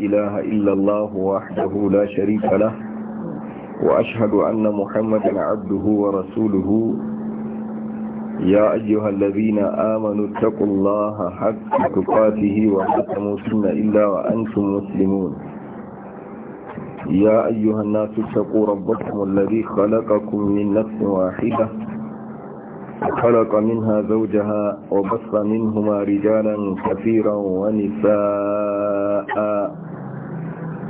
إله إلا الله وحده لا شريك له وأشهد أن محمدا عبده ورسوله يا أيها الذين آمنوا اتقوا الله حق تقاته وحكموا تموتن إلا وأنتم مسلمون يا أيها الناس اتقوا ربكم الذي خلقكم من نفس واحدة خلق منها زوجها وبص منهما رجالا كثيرا ونساء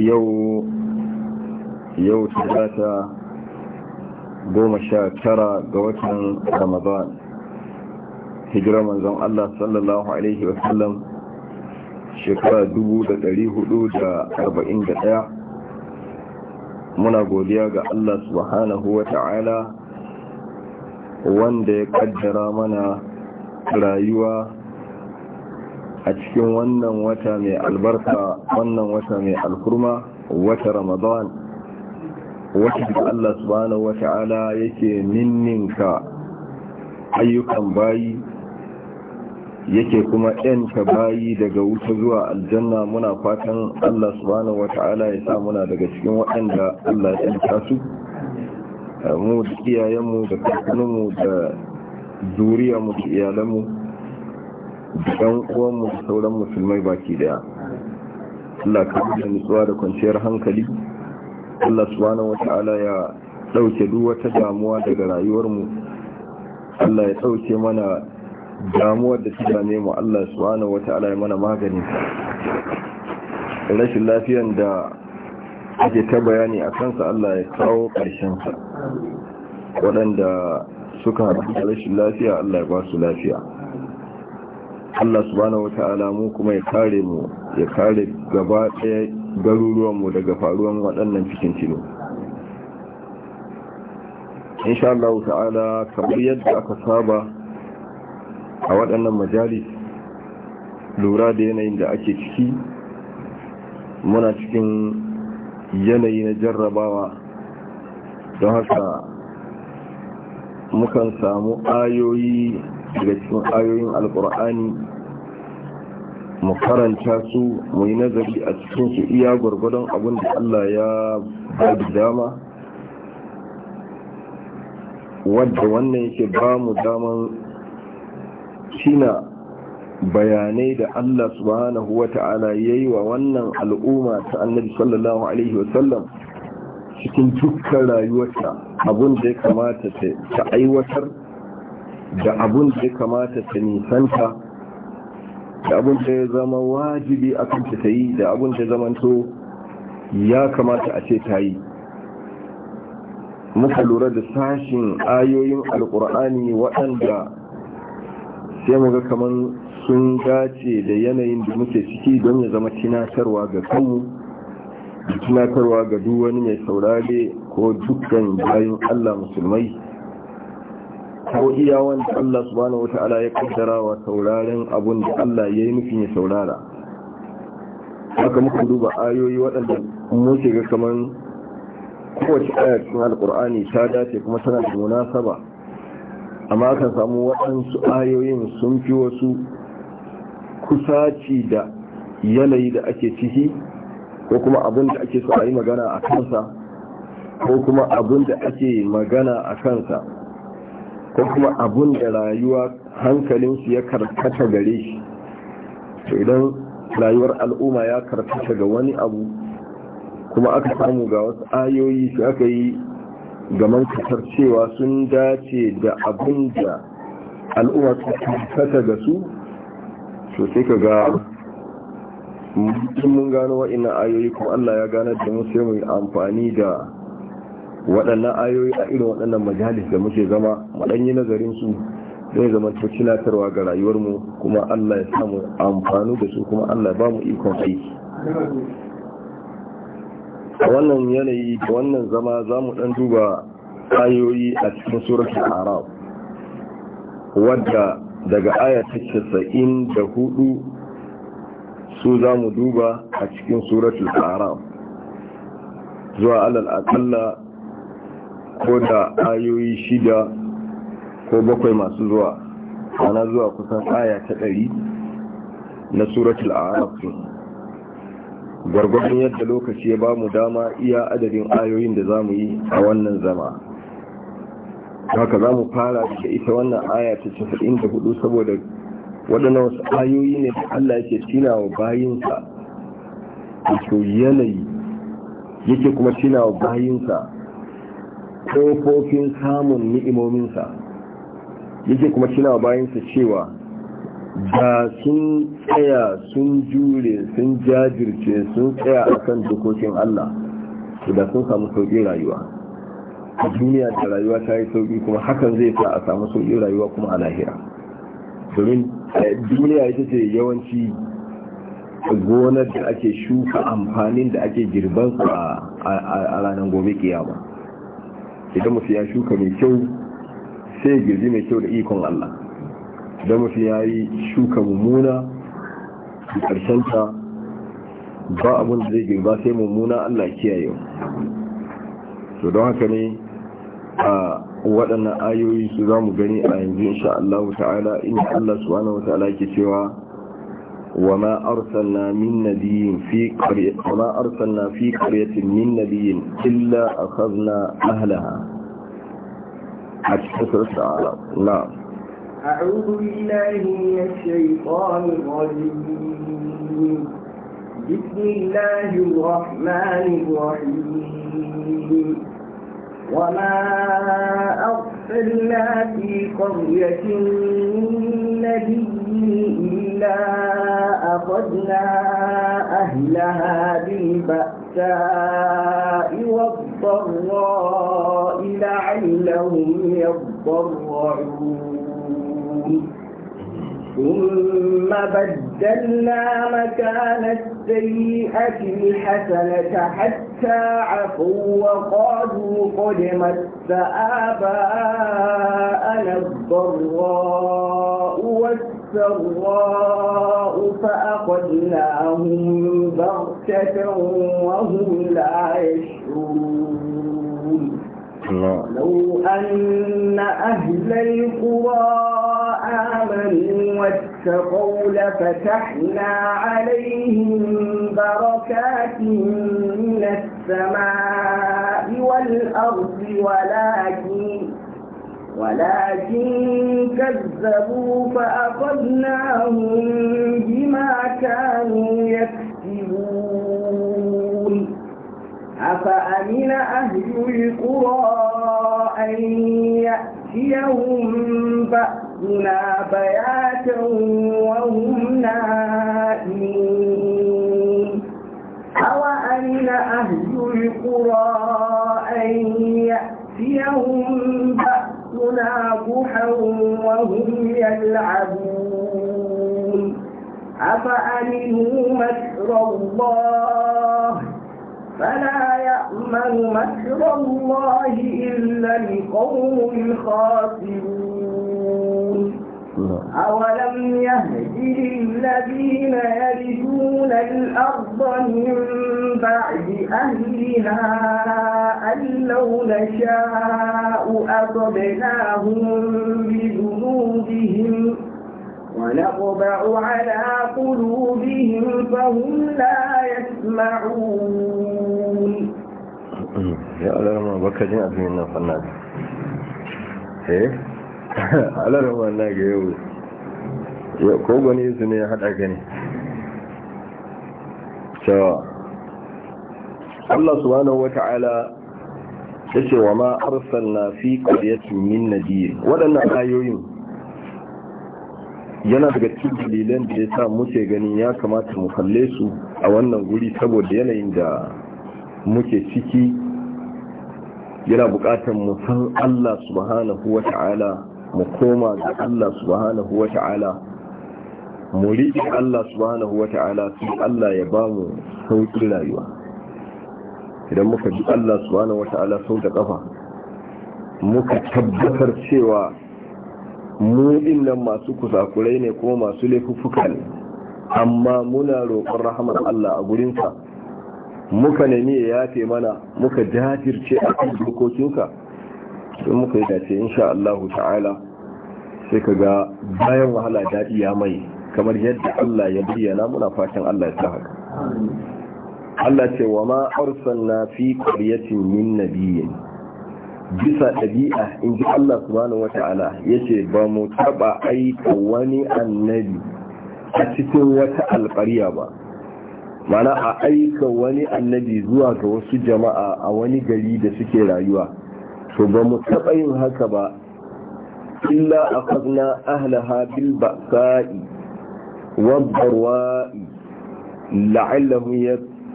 yau yau talata goma sha tara ga watan ramadan hijira manzon Allah sallallahu alaihi wasallam shekara ɗaya. muna godiya ga Allah subhanahu wa ta'ala wanda ya kaddara mana rayuwa a cikin wannan wata mai albarka wannan wata mai alkurma wata ramadan wata da Allah subhanahu wata'ala yake ninninka ayyukan bayi yake kuma ka bayi daga wuta zuwa aljanna muna fatan Allah subhanahu wata'ala ya sa muna daga cikin waɗanda Allah ya ɗanta su mu da iyayenmu da kakanninmu da zuriyarmu da iyalanmu Dan ɗan da sauran musulmai baki daya Allah ka da nutsuwa da kwanciyar hankali Allah subhanahu wata'ala ya dauke duk wata damuwa daga rayuwarmu Allah ya dauke mana damuwar da ta mu Allah subhanahu wata'ala ya mana magani rashin lafiyan da ake ta bayani a kansa Allah ya kawo sa waɗanda suka haɗu da rashin lafiya Allah ya ba su lafiya Allah subhanahu wata'ala mu kuma ya kare mu ya kare gaba ɗaya garuruwan mu daga faruwan waɗannan cikin tilo insha Allah ta'ala kamar yadda aka saba a waɗannan majalis lura da yanayin da ake ciki muna cikin yanayi na jarrabawa don haka mukan samu ayoyi daga cikin ayoyin alkur'ani mu karanta su mu yi nazari a cikin su iya gwargwadon abin da allah ya ba dama wadda wannan yake ba mu daman cina bayanai da allah subhanahu wa ta'ala ya yi wa wannan al'umma ta annabi sallallahu alaihi wasallam cikin dukkan rayuwarta abin da ya kamata ta aiwatar da abun da ya kamata ta nisanta da abun da ya zama wajibi a kanta ta yi da abun da zamanto ya kamata a ce ta yi muka lura da sashin ayoyin alkur'ani waɗanda sai mu kamar sun dace da yanayin da muke ciki don ya zama tunatarwa ga kanmu da tunatarwa ga duk wani mai saurare ko dukkan bayan allah musulmai ko iya wanda Allah subhanahu wata'ala ya kaddara wa sauraren abun da Allah ya yi nufin ya saurara haka muka duba ayoyi waɗanda mun ga kamar kowace aya cikin alkur'ani ta dace kuma tana da munasaba amma aka samu waɗansu ayoyin sun fi wasu kusaci da yanayi da ake ciki ko kuma abin da ake so a yi magana a kansa ko kuma abin da ake magana a kansa ko kuma abun da rayuwa hankalinsu ya karkata gare shi idan rayuwar al'umma ya karkata ga wani abu kuma aka samu ga wasu ayoyi su aka yi gaman kasar cewa sun dace da abun da al'umma su karkata ga su to sai ka ga mun gano wa'ina ayoyi kuma allah ya gane da mu sai mu yi amfani da waɗannan ayoyi a irin waɗannan majalis da muke zama maɗanyi nazarin su zai zama ta tunatarwa ga rayuwarmu kuma Allah ya samu amfani da su kuma Allah ba mu ikon aiki a wannan yanayi da wannan zama za mu ɗan duba ayoyi a cikin suratul arab wadda daga aya ta casa'in da hudu su za mu duba a cikin suratul arab zuwa alal aƙalla ko da ayoyi shida ko bakwai masu zuwa ana zuwa kusan aya ta ɗari na suratul araf gwargwadon yadda lokaci ya ba mu dama iya adadin ayoyin da za mu yi a wannan zama haka za mu fara da ita wannan aya ta 94 saboda waɗannan wasu ayoyi ne da Allah yake tina wa bayinsa wato yanayi yake kuma tina wa bayinsa kofofin samun ni'imominsa yake kuma cinawa bayansa cewa da sun tsaya sun jure sun jajirce sun tsaya a kan dokokin Allah da sun samu sauƙi rayuwa a duniya da rayuwa ta yi sauƙi kuma hakan zai sa a samu sauƙin rayuwa kuma a lahira domin eh, duniya ita ce yawanci gonar da ake shuka amfanin da ake girbansu a ranar gobe kiyama idan mutum ya shuka mai kyau sai girbi mai kyau da ikon Allah idan mutum ya yi shuka mummuna da ta ba abin da zai girba sai mummuna Allah kiyaye to don haka ne a waɗannan ayoyi su za mu gani a yanzu insha Allah ta'ala inda Allah subhanahu wa ta'ala ke cewa وما أرسلنا من نبي في قرية وما أرسلنا في قرية من نبي إلا أخذنا أهلها أشكر تعالى نعم أعوذ بالله من الشيطان الرجيم بسم الله الرحمن الرحيم وما أرسلنا في قرية نبي إلا أخذنا أهلها بالبأساء والضراء لعلهم يضرعون ثم بدلنا مكان السيئة الحسنة حتى عفوا وقالوا قد مس آباءنا الضراء والسراء فأخذناهم بغتة وهم لا يشعرون لو أن أهل القرى آمنوا واتقوا لفتحنا عليهم بركات من السماء والأرض ولكن ولكن كذبوا فأخذناهم بما كانوا يكسبون أفأمن أهل القرى أن يأتيهم بأس ربنا بياتا وهم نائمون أوأن أهل القرى أن يأتيهم بأسنا ضحى وهم يلعبون أفأمنوا مكر الله فلا يأمن مكر الله إلا القوم الخاسرون أولم يهد الذين يرثون الأرض من بعد أهلها أن لو نشاء أصبناهم بذنوبهم ونطبع على قلوبهم فهم لا يسمعون يا الله ما جاء في النفنات إيه alarar wannan ga yau ko gwani su ne ya haɗa gani cewa Allah subhanahu ta'ala ya ce wa ma na fi qaryatin min biyu. waɗannan ayoyin yana daga cikin dalilan da ya sa muke gani ya kamata mu kalle su a wannan guri saboda yanayin da muke ciki yana buƙatar mu san Allah subhanahu ta'ala. mu koma ga Allah subhanahu wa ta'ala mu riƙe Allah subhanahu wa ta'ala sai Allah ya ba mu sauƙin rayuwa idan muka ji Allah subhanahu wa ta'ala sau da ƙafa muka tabbatar cewa mu nan masu kusakurai ne ko masu laifuffuka ne amma muna roƙon rahamar Allah a gurinsa muka nemi ya yafe mana muka jajirce a kan dokokinka sai muka yi dace insha Allah ta'ala sai ka ga bayan wahala daɗi ya mai kamar yadda Allah ya bayyana muna fatan Allah ya sa haka Allah ce wa ma arsalna fi qaryatin min nabiyyin bisa ɗabi'a in ji Allah subhanahu wata'ala ya ce ba mu taɓa aika wani annabi a cikin wata alƙarya ba mana a aika wani annabi zuwa ga wasu jama'a a wani gari da suke rayuwa to ba mu taɓa yin haka ba illa a kazna ahlaha bil ba'sa'i wabbarwa'i la'allahum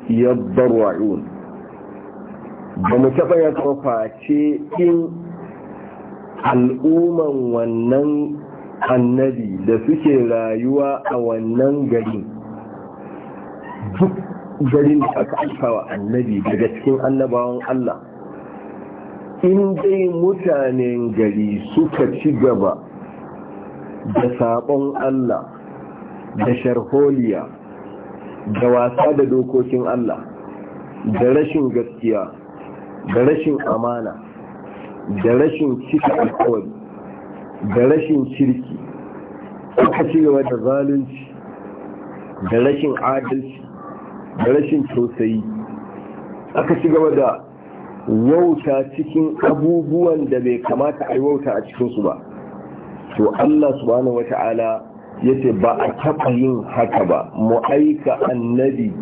yabbarwa'un ba mu taɓa ya haka ce in al'umman wannan annabi da suke rayuwa a wannan garin duk garin da aka alfawa annabi daga cikin annabawan Allah in dai mutanen gari suka ci gaba da sabon Allah da sharholiya da wasa da dokokin Allah da rashin gaskiya da rashin amana da rashin cika alkawari da rashin shirki suka ci gaba da zalunci da rashin adalci da rashin tausayi aka ci gaba da wauta cikin abubuwan da bai kamata a yi wauta a cikinsu ba to Allah subhanahu wata'ala ya ce ba a taɓa yin haka ba mu aika annabi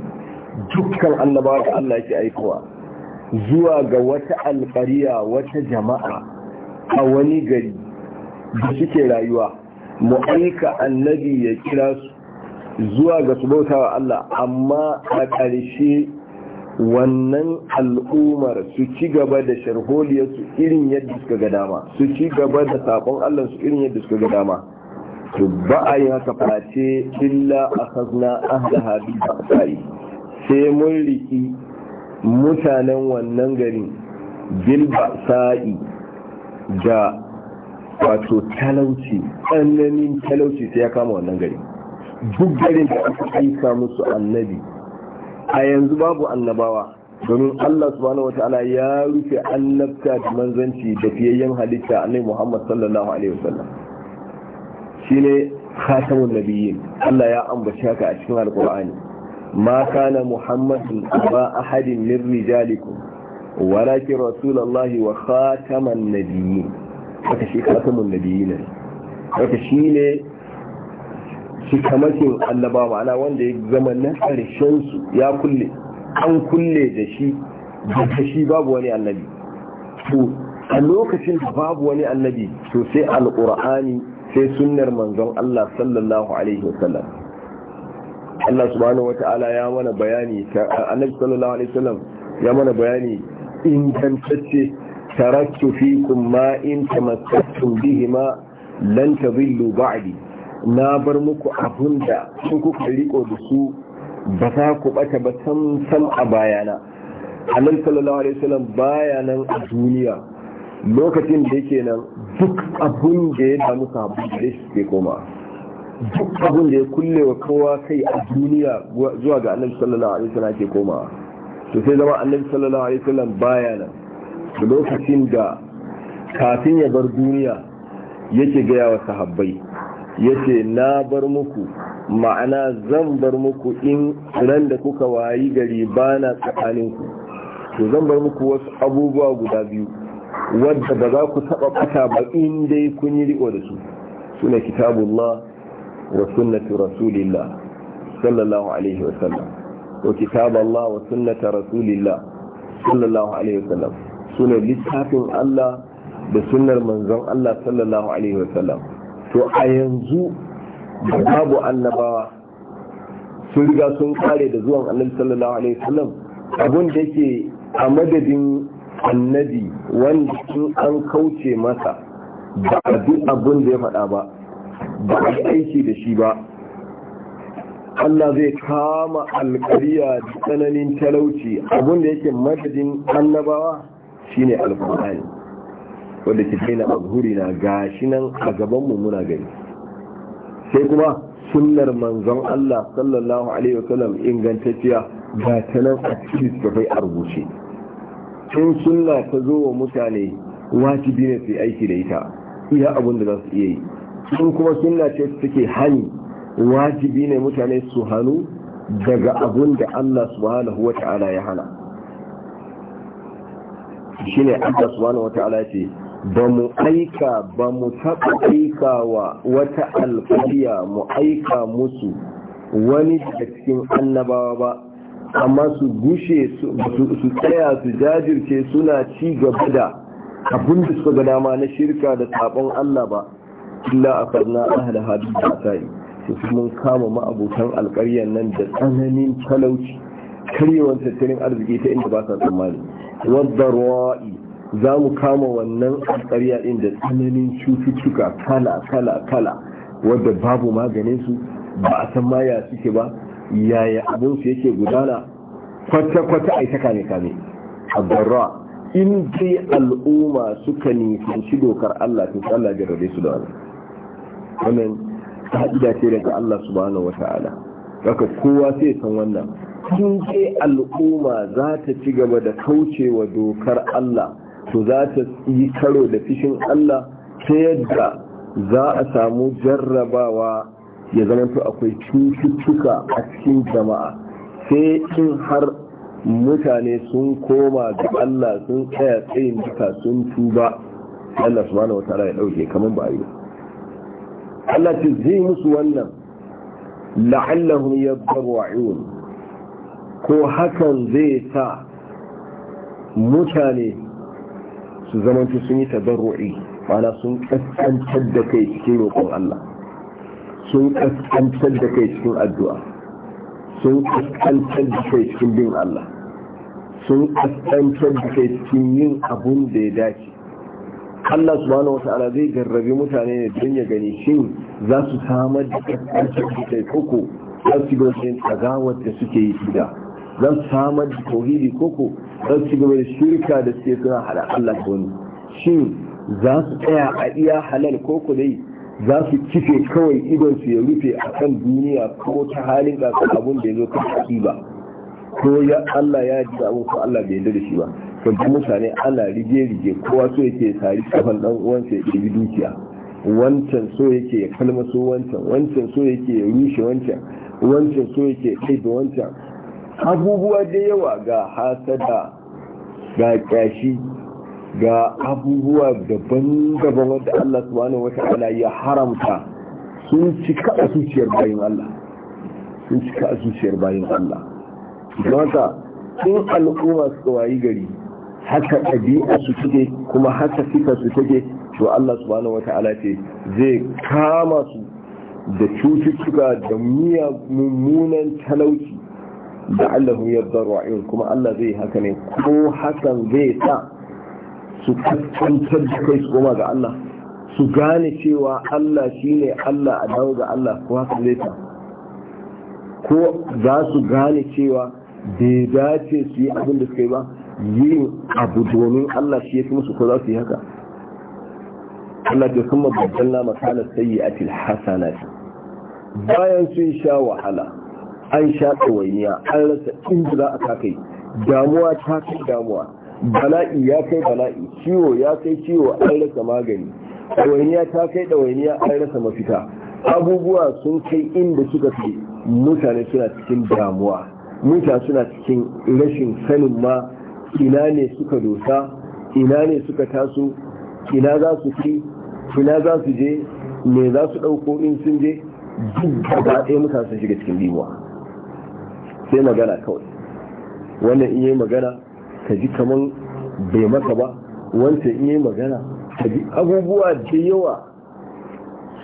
dukkan annabawa da Allah yake aikawa. zuwa ga wata alƙariya wata jama'a a wani gari da suke rayuwa mu aika annabi ya kira su zuwa ga su bautawa Allah amma a ƙarshe wannan al'ummar su ci gaba da sharholiyarsu irin yadda suka ga dama su ci gaba da sabon Allah su irin yadda suka ga dama to ba a yi haka face illa a kasna ba a tsari sai mun riƙi mutanen wannan gari Bilba Sa'i, da wato talauci tsananin talauci sai ya kama wannan gari duk garin da aka aika musu annabi a yanzu babu annabawa domin Allah subhanahu wataala ya rufe annabta da manzanci da fiyayyen halitta annabi Muhammad sallallahu alaihi wasallam shine khatamun nabiyyin Allah ya ambaci haka a cikin alqur'ani ma kana muhammadun aba ahadin min rijalikum walakin rasulullahi wa khataman nabiyyin haka shi khatamun nabiyyin haka shine cikamakin annaba ma'ana wanda ya zama na ƙarshen su ya kulle an kulle da shi da shi babu wani annabi to a lokacin da babu wani annabi to sai alqur'ani sai sunnar manzon Allah sallallahu alaihi wasallam Allah subhanahu wata'ala ya mana bayani annabi sallallahu alaihi wasallam ya mana bayani in ingantacce taraktu fikum ma in tamassaktum bihima lan tadillu ba'di na bar muku abun da sun kuka riko da su ba za ku ɓata ba sam sam a bayana annabi sallallahu alaihi wasallam baya nan a duniya lokacin da yake nan duk abun da ya damu sabu da shi ke koma duk abun da ya kulle wa kowa kai a duniya zuwa ga annabi sallallahu alaihi wasallam ke koma to sai zama annabi sallallahu alaihi wasallam baya nan lokacin da kafin ya bar duniya yake gaya wa sahabbai yace na bar muku ma'ana zan bar muku in ran da kuka wayi gari bana tsakaninku to zan bar muku wasu abubuwa guda biyu wadda ba za ku taba fata ba in dai kun yi riko da su suna kitabullah wa sunnatu rasulillah sallallahu alaihi wasallam ko kitaballah wa sunnata rasulillah sallallahu alaihi wasallam suna littafin Allah da sunnar manzon Allah sallallahu alaihi wasallam to a yanzu babu annabawa sun riga sun kare da zuwan annabi sallallahu alaihi wasallam abun da yake a madadin annabi wanda in an kauce masa ba a duk abun da ya faɗa ba ba a aiki da shi ba Allah zai kama alkariya da tsananin talauci abun da yake madadin annabawa shine alkur'ani wanda ke baina na gashi nan a gaban mu muna gani sai kuma sunnar manzon Allah sallallahu alaihi wasallam ingantacciya ga ta nan a cikin sabai a rubuce tun sunna ta zo wa mutane wajibi ne su aiki da ita iya abin da za su iya yi sun kuma sunna ce suke hani wajibi ne mutane su hannu daga abun da Allah subhanahu wa ta'ala ya hana shine Allah subhanahu wa ta'ala ce ba mu aika ba mu taɓa aika wa wata alfariya mu aika musu wani daga cikin annabawa ba amma su gushe su tsaya su jajirce suna ci gaba da abin da suka ga dama na shirka da sabon Allah ba illa a farna ahla hadin da ta yi su mun kama ma'abutan alƙaryar nan da tsananin talauci karyewar tattalin arziki ta inda ba sa tsammani wadda ruwa'i za mu kama wannan alƙarya ɗin da tsananin cututtuka kala kala kala wadda babu maganin su ba a san maya suke ba yaya abin su yake gudana kwata kwata a ta kame kame abarra in dai al'umma suka shi dokar Allah to Allah ya su da wani wannan hadda ce daga Allah subhanahu wataala daga kowa sai san wannan in ce al'umma za ta ci gaba da kaucewa dokar Allah to za ta yi karo da fishin Allah ta yadda za a samu jarrabawa ya zama to akwai cututtuka a cikin jama'a sai in har mutane sun koma ga Allah sun tsaya tsayin duka sun tuba Allah subhanahu wataala ya dauke kaman ba yi Allah ce zai musu wannan la'allahum yadhru'un ko hakan zai sa mutane su zamantu sun yi tabarru'i mana sun kaskantar da kai cikin roƙon Allah sun kaskantar da kai cikin addu'a sun kaskantar da kai cikin bin Allah sun kaskantar da kai cikin yin abun da ya dace Allah subhanahu wata'ala zai garrabe mutane ne don ya gani shin za su samar da kaskantar da kai koko za su ga wajen tsagawar da suke yi da zan samar da tauhidi koko zan ci gaba da shirka da suke suna hada Allah da wani shin za su tsaya a iya halal koko dai za su kife kawai idon su ya rufe a kan duniya ko ta halin su abun da ya zo kan haƙi ba ko ya Allah ya ji abun ko Allah bai yarda da shi ba kan mutane ana rige rige kowa so yake tari kafan dan uwansa ya ɗebi dukiya wancan so yake ya kalmaso wancan wancan so yake ya rushe wancan wancan so yake kai da wancan abubuwa da yawa ga hasada ga kyashi ga abubuwa daban-daban wanda Allah subhanahu ala ya haramta sun cika a zuciyar bayin Allah sun cika a zuciyar bayin Allah mata sun al'umma su wayi gari haka ɗabi'a su take kuma haka fika su take to Allah subhanahu ala ce zai kama su da cututtuka da miya mummunan talauci da zarwa in kuma Allah zai haka ne ko hakan zai sa su kusantar da kai su koma ga Allah su gane cewa Allah shi ne Allah a dawo ga Allah ko hakan zai sa ko za su gane cewa bai dace su yi abin da suka yi ba yin abu domin Allah shi ya fi musu ko za su yi haka Allah ta kuma babban na makalar sayi a tilhassanati bayan sun sha wahala an sha tsawainiya an rasa inda za a takai damuwa ta kai damuwa bala'i ya kai bala'i ciwo ya kai ciwo an rasa magani ɗawainiya ta kai ɗawainiya an rasa mafita abubuwa sun kai inda suka fi mutane suna cikin damuwa mutane suna cikin rashin sanin ma ina ne suka dosa ina ne suka taso ina za su fi ina za su je me za su ɗauko in sun je duk da ɗaya mutane sun shiga cikin limuwa. sai magana kawai wannan in yi magana ka ji kaman bai maka ba wancan in yi magana ka ji abubuwa da yawa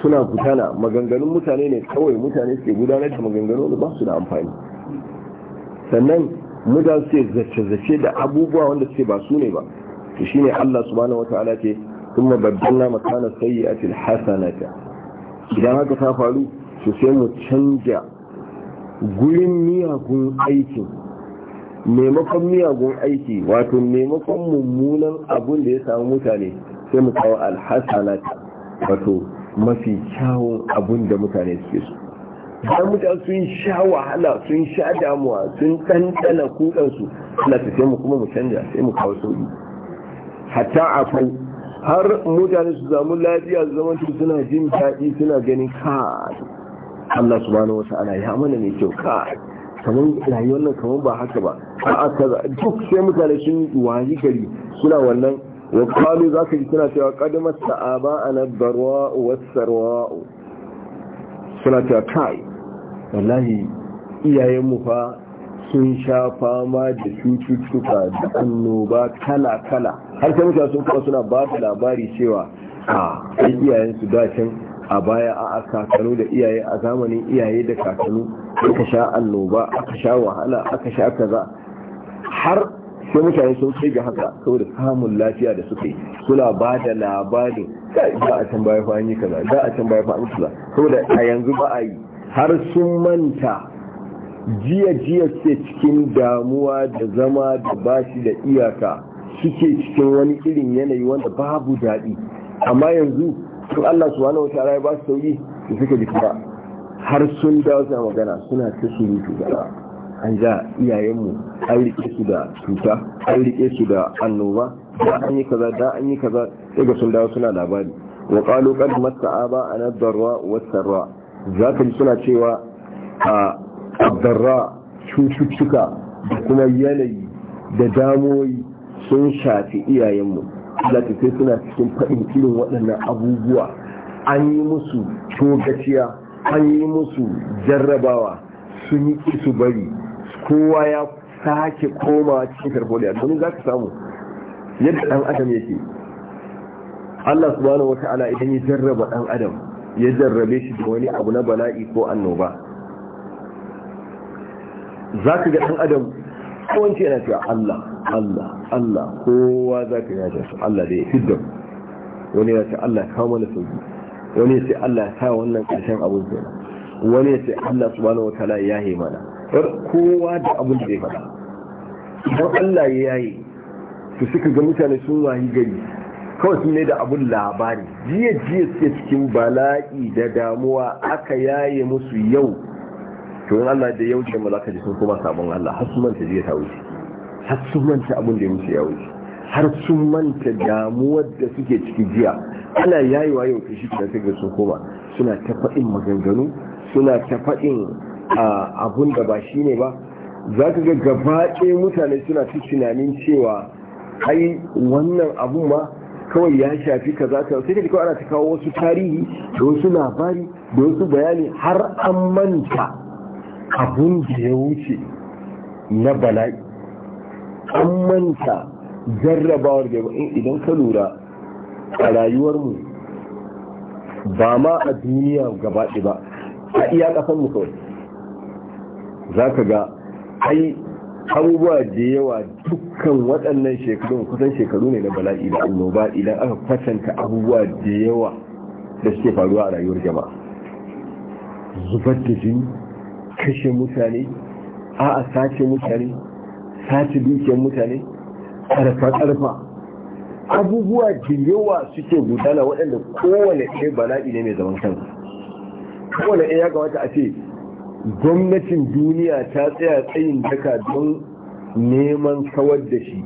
suna gudana maganganun mutane ne kawai mutane suke gudanar da maganganu da ba su da amfani sannan mutane suke zace-zace da abubuwa wanda suke ba su ne ba to shine Allah subhanahu wataala ce kuma baddalna makana sayyi'atil hasanata idan haka ta faru to sai mu canja gurin miyagun aikin maimakon miyagun aiki wato maimakon mummunan abun da ya samu mutane sai mu kawo alhassanata wato mafi kyawun abun da mutane suke su bayan mutane sun sha wahala sun sha damuwa sun ɗanɗana kudansu Allah ta sai mu kuma mu canja sai mu kawo sauki hatta akwai har mutane su zamu lafiya zaman suna jin daɗi suna ganin ka Allah subhanahu wata'ala ya mana mai kyau ka kaman rayuwar nan ba haka ba a'a kaza duk sai mutane sun wani gari suna wannan wa qalu ka ji suna cewa qadimat sa'aba ana barwa wasu sarwa suna cewa kai wallahi iyayen mu fa sun sha fama da cututtuka da annoba kala kala har sai mutane sun kuma suna ba da labari cewa a iyayen su da a baya a kakanu da iyaye a zamanin iyaye da kakanu aka sha annoba aka sha wahala aka sha kaza har sai mutane sun kai ga haka saboda samun lafiya da suke suna ba da labarin za a can baya yi kaza za a can baya kaza saboda a yanzu ba a yi har sun manta jiya jiya suke cikin damuwa da zama da bashi da iyaka suke cikin wani irin yanayi wanda babu daɗi amma yanzu sun Allah subhanahu wata ya ba su sauri da suka ji ba. har sun dawo suna magana suna ta su zara. an ja iyayenmu an rike su da cuta an rike su da annoba da an yi kaza da an yi kaza daga sun dawo suna labari wa qalu qad mas'aba an ad-darra wa sarra ka ji suna cewa a darra cututtuka da kuma yanayi da damoyi sun shafi iyayenmu Allah ta sai suna cikin faɗin irin waɗannan abubuwa an yi musu cogaciya an yi musu jarrabawa sun yi kisu bari kowa ya sake koma cikin karboliya domin za ka samu yadda ɗan adam yake Allah subhanahu ala idan ya jarraba ɗan adam ya jarrabe shi da wani abu na bala'i ko annoba za ka ga ɗan adam kowanci yana cewa Allah Allah Allah kowa za ka yi cewa Allah da ya fidda wani ya ce Allah kawo mana sauki wani ya ce Allah ya sa wannan ƙarshen abin kenan wani ya ce Allah subhanahu wa ta'ala ya yi mana kowa da abin da ya faɗa idan Allah ya yi su suka ga mutane sun wahi gari kawai sun ne da abin labari jiya jiya suke cikin bala'i da damuwa aka yaye musu yau to in Allah da ya ma za ka ji sun kuma sabon Allah har sun manta jiya ta wuce har sun manta abin da ya wuce ya wuce har sun manta damuwar da suke ciki jiya ana yayiwa yau kashi da suke sun koma suna ta faɗin maganganu suna ta faɗin abun da ba shi ne ba za ka ga gaba mutane suna ta tunanin cewa ai wannan abun ma kawai ya shafi kaza ka sai ka kawai ana ta kawo wasu tarihi da wasu labari da wasu bayani har an manta abun da ya wuce na bala'i an manta jarrabawar da idan ka lura a rayuwarmu ba ma a duniya gabaɗi ba a iya ƙasanmu kawai za ka ga ai abubuwa da yawa dukkan waɗannan shekarun kusan shekaru ne na bala'i da annoba idan aka kwatanta abubuwa da yawa da suke faruwa a rayuwar jama'a zubar da jini kashe mutane a a sace mutane sace dukiyar mutane karfa-karfa, abubuwa da yawa suke gudana waɗanda kowane ɗaya bala'i ne mai zaman kansa kowane ɗaya ga wata a ce gwamnatin duniya ta tsaya tsayin daka don neman kawar da shi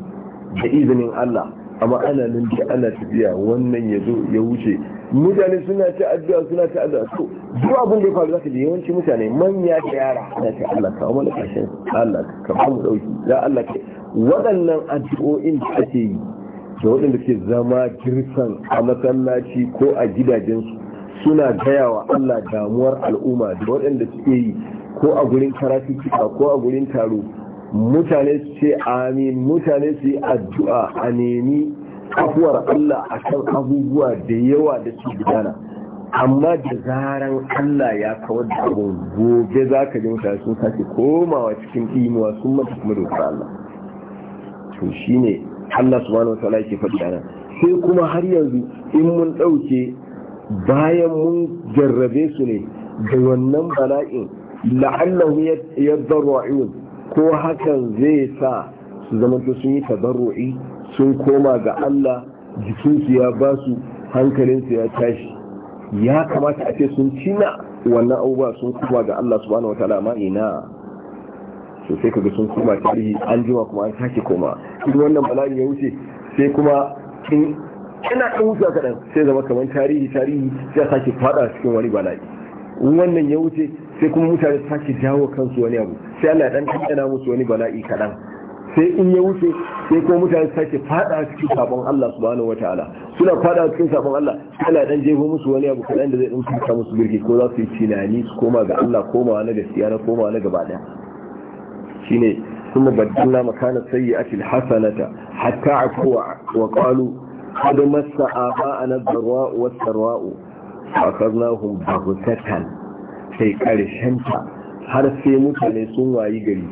da izinin Allah amma ana nan ana tafiya wannan ya ya wuce mutane suna ci addu'a suna ci addu'a to duk abin da ya faru zaka ji yawanci mutane manya da yara suna ta Allah ka amma kashin Allah ka ba mu dauki ya Allah ka waɗannan addu'o'in da ake yi da waɗanda ke zama girsan a masallaci ko a gidajensu suna gaya wa Allah damuwar al'umma da waɗanda suke yi ko a gurin karafi ko a gurin taro mutane su ce mutane su addu'a a nemi kafuwar Allah a kan abubuwa da yawa da su gudana amma da zaran Allah ya kawar da abin gobe za ka ji mutane sun sake komawa cikin imuwa sun mata kuma dokar Allah to ne Allah subhanahu wata laifin faɗi ana, sai kuma har yanzu in mun ɗauke bayan mun jarrabe su ne da wannan bala'in la'allahu yadarru'un ko hakan zai sa su zama sun yi tadarru'i sun koma ga Allah jikinsu ya ba su hankalinsu ya tashi ya kamata a ce sun cina wannan abubuwa sun koma ga Allah subhanahu wa ta'ala ma'ina. so sai kaga sun koma tarihi an jima kuma an sake koma duk wannan bala'i ya wuce sai kuma in ina ɗan wuce kaɗan sai zama kamar tarihi tarihi sai sake fada cikin wani bala'i wannan ya wuce sai kuma mutane sake jawo kansu wani abu sai Allah ya ɗan ɗanɗana musu wani bala'i kaɗan sai in ya wuce sai ko mutane sake fada cikin sabon Allah subhanahu wataala suna fada cikin sabon Allah kana dan jefo musu wani abu kadan da zai dan fuka musu birki ko za su yi tunani su koma ga Allah komawa na gaskiya na komawa na gaba daya shine kuma baddalna makana sayyi'atil hasanata hatta afu wa qalu qad massa aba'ana dharra'u was sarra'u akhadnahum sai karshenta har sai mutane sun wayi gari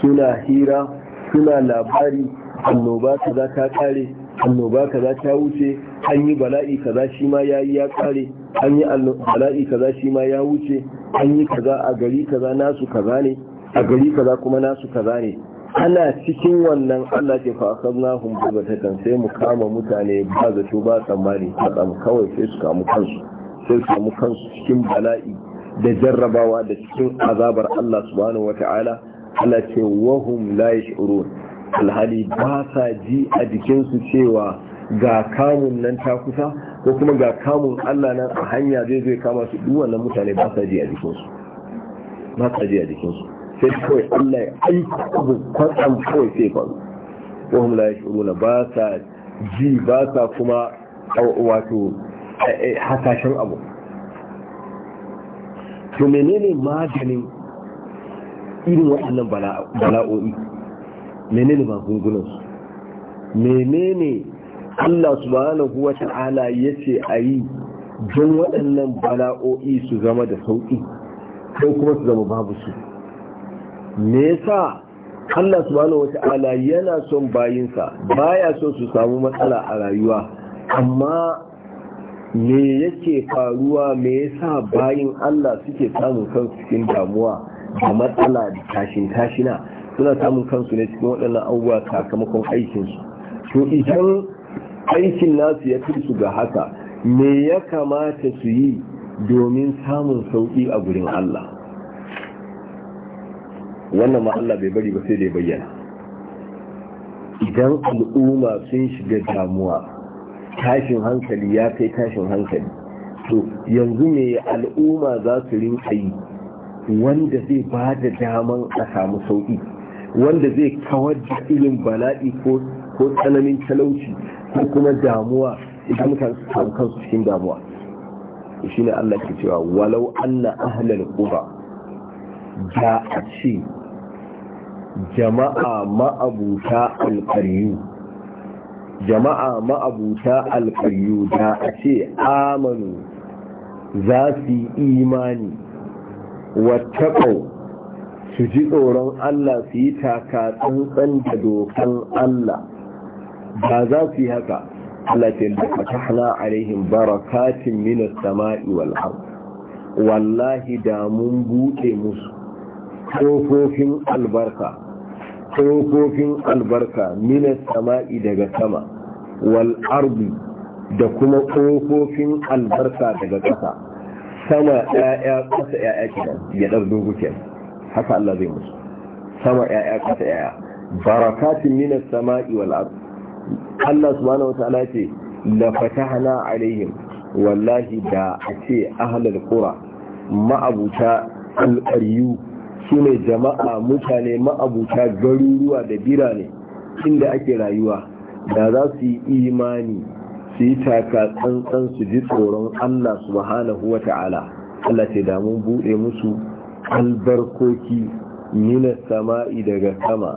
suna hira suna labari annoba kaza ta kare annoba kaza ta wuce an yi bala'i kaza shi ma ya yi ya kare an yi bala'i kaza shi ma ya wuce an yi kaza a gari kaza nasu kaza ne a gari kaza kuma nasu kaza ne ana cikin wannan Allah ke fasar nahun bugatakan sai mu kama mutane ba zato ba tsammani katsam kawai sai su kamu kansu sai su kamu kansu cikin bala'i da jarrabawa da cikin azabar Allah subhanahu wata'ala Allah ce wahum la yash'urun alhali ba sa ji a jikinsu cewa ga kamun nan ta kusa ko kuma ga kamun Allah nan a hanya zai zai kama su duk wannan mutane ba sa ji a jikinsu ba sa ji a jikinsu sai kawai Allah ya aika abu kwatsam kawai sai faru wahum la yashurun ba sa ji ba sa kuma wato eh, eh, hasashen abu to menene maganin irin waɗannan bala'o'i menene magungunansu menene Allah subhanahu wa ta'ala ya ce a yi don waɗannan bala'o'i su zama da sauƙi ko kuma su zama babu su me yasa Allah subhanahu wa ta'ala yana son bayinsa baya so su samu matsala a rayuwa amma me yake faruwa me yasa bayin Allah suke samun kan cikin damuwa da matsala da tashin tashina suna samun kansu ne cikin waɗannan abubuwa sakamakon aikinsu to idan aikin nasu ya fi su ga haka me ya kamata su yi domin samun sauƙi a gurin Allah wannan ma Allah bai bari ba sai dai bayyana idan al'umma sun shiga damuwa tashin hankali ya kai tashin hankali to yanzu me al'umma za su rinka yi wanda zai ba da daman a samu sauƙi wanda zai kawar da ilin bala'i ko tsananin talauci ko kuma damuwa idan su samu kansu cikin damuwa shi ne Allah ke cewa walau anna ahlal qura da a ce jama'a ma'abuta alƙaryu jama'a ma'abuta alƙaryu da a ce amanu za su yi imani wattaqau su ji tsoron Allah su yi taka tsantsan da dokan Allah ba za su yi haka Allah ce da fatahna alaihim barakatin samai wal wallahi damun buɗe musu kofofin albarka kofofin albarka min samai daga sama wal da kuma kofofin albarka daga ƙasa sama ƴaƴa ƙasa ƴaƴa kenan ya dar dogo haka Allah zai musu sama ƴaƴa ƙasa ƴaƴa barakatun minas sama'i wal ard Allah subhanahu wataala ce la fatahna alaihim wallahi da a ce ahlul qura ma'abuta al-qaryu shine jama'a mutane ma'abuta garuruwa da birane inda ake rayuwa da za su yi imani su yi taka tsantsan su ji tsoron Allah subhanahu wa ta'ala Allah ce da mun buɗe musu albarkoki mina sama'i daga sama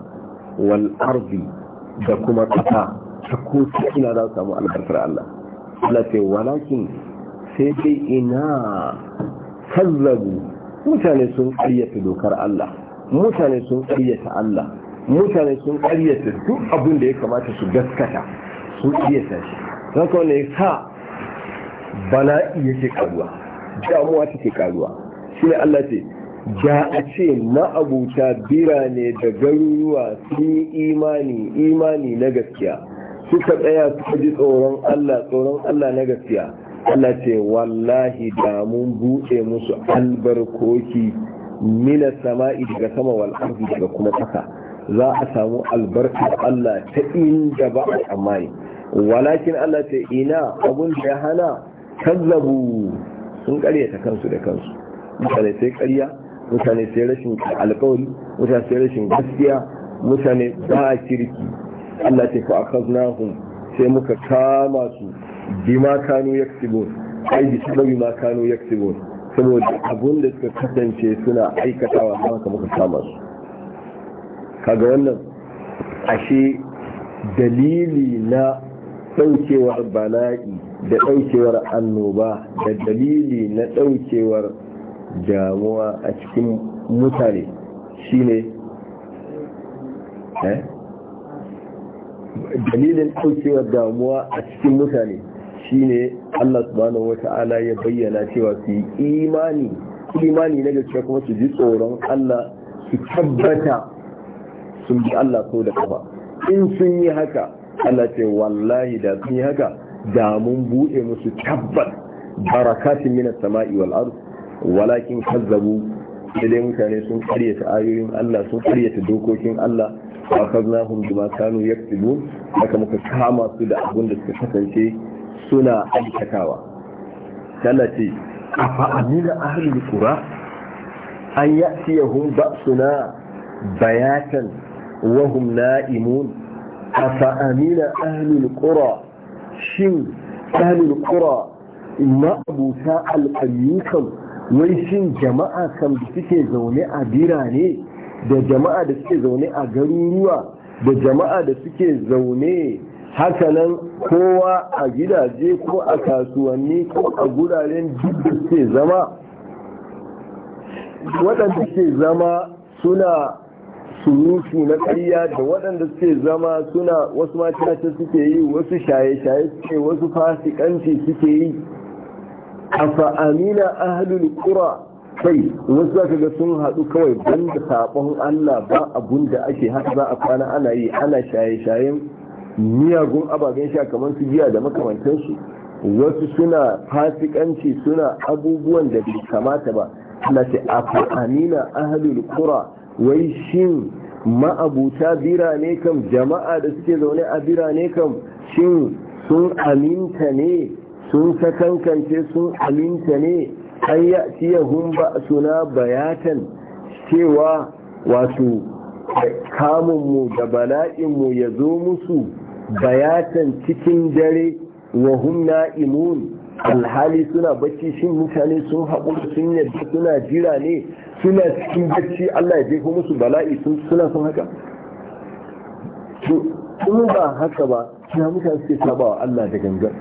wal ardi da kuma ƙasa ta ko ina za su samu albarkar Allah Allah ce walakin sai dai ina kallabu mutane sun ƙaryata dokar Allah mutane sun ƙaryata Allah mutane sun ƙaryata duk abin da ya kamata su gaskata sun ƙaryata shi don kawai ya sa bala'i yake karuwa damuwa take karuwa shi ne Allah ce ja a ce ma'abuta birane da garuruwa sun yi imani imani na gaskiya suka tsaya suka ji tsoron Allah tsoron Allah na gaskiya Allah ce wallahi da mun buɗe musu albarkoki mina sama'i daga sama wal daga kuma ƙasa za a samu albarkar Allah ta inda ba a tsammani walakin Allah ce ina abun da ya hana kazzabu sun karyata kansu da kansu mutane sai karya mutane sai rashin alkawari mutane sai rashin gaskiya mutane ba a kirki Allah ce fa akaznahum sai muka kama su bima kanu yaksibun ai bi sababi ma kanu yaksibun saboda abun da suka kasance suna aikatawa haka muka kama su kaga wannan ashe dalili na Daukewar bala'i da daukewar annoba da dalili na daukewar damuwa a cikin mutane shine eh, dalilin ɗaukewar damuwa a cikin mutane shine Allah subhanahu wata'ala ya bayyana cewa su yi imani imani na gaske kuma su ji tsoron Allah su tabbata sun bi Allah so da kafa in sun yi haka Allah ce wallahi da sun yi haka da mun buɗe musu tabbat barakatin minas sama'i wal ard walakin kazzabu sai mutane sun karyata ayoyin Allah sun karyata dokokin Allah wa kaznahum bima kanu yaktubun haka muka kama su da abin da suka kasance suna aikatawa Allah ce afa amina ahlul qura an ya'tiyahum ba'suna bayatan wa hum na'imun أفأمن shin ahlul qura أهل القرى ما wai shin jama'a kan da suke zaune a birane da jama'a da suke zaune a garuruwa da jama'a da suke zaune hakanan kowa a gidaje ko a kasuwanni ko a guraren duk da suke zama waɗanda suke zama suna surutu na ƙarya da waɗanda suke zama suna wasu matata suke yi wasu shaye-shaye suke wasu fasikanci suke yi a fa'amina ahalul ƙura kai wasu zaka ga sun haɗu kawai ban da saɓon Allah ba abun da ake haka za a kwana ana yi ana shaye-shayen miyagun ababen sha kamar su giya da makamantansu wasu suna fasikanci suna abubuwan da bai kamata ba ce a fa'amina ahalul wai shin ma'abuta birane kam jama'a da suke zaune a birane kam shin sun aminta ne sun sakankance sun aminta ne an ya ba suna bayatan cewa wato kamunmu da bala'inmu ya zo musu bayatan cikin dare wa hum na'imun alhali suna bacci shin mutane sun haƙuri sun yadda suna jira ne suna cikin bacci Allah ya jefo musu bala'i sun suna sun haka sun ba haka ba kina mutane suke wa Allah da gangar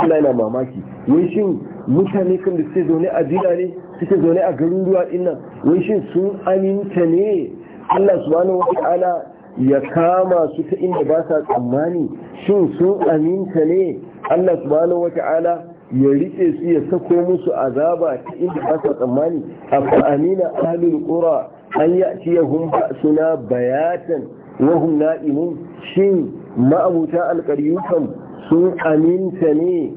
Allah yana mamaki wai shin mutane kan da suke zaune a jira ne suke zaune a garuruwa dinnan wai shin sun aminta ne Allah subhanahu wa ta'ala ya kama su ta inda ba sa tsammani shin sun aminta ne Allah subhanahu ta'ala ya rike su ya sako musu azaba ta inda ba su tsammani afa amina ahlul qura an ya'tiyahum ba'suna bayatan wa hum na'imun shin ma'abuta alqaryukan sun aminta ne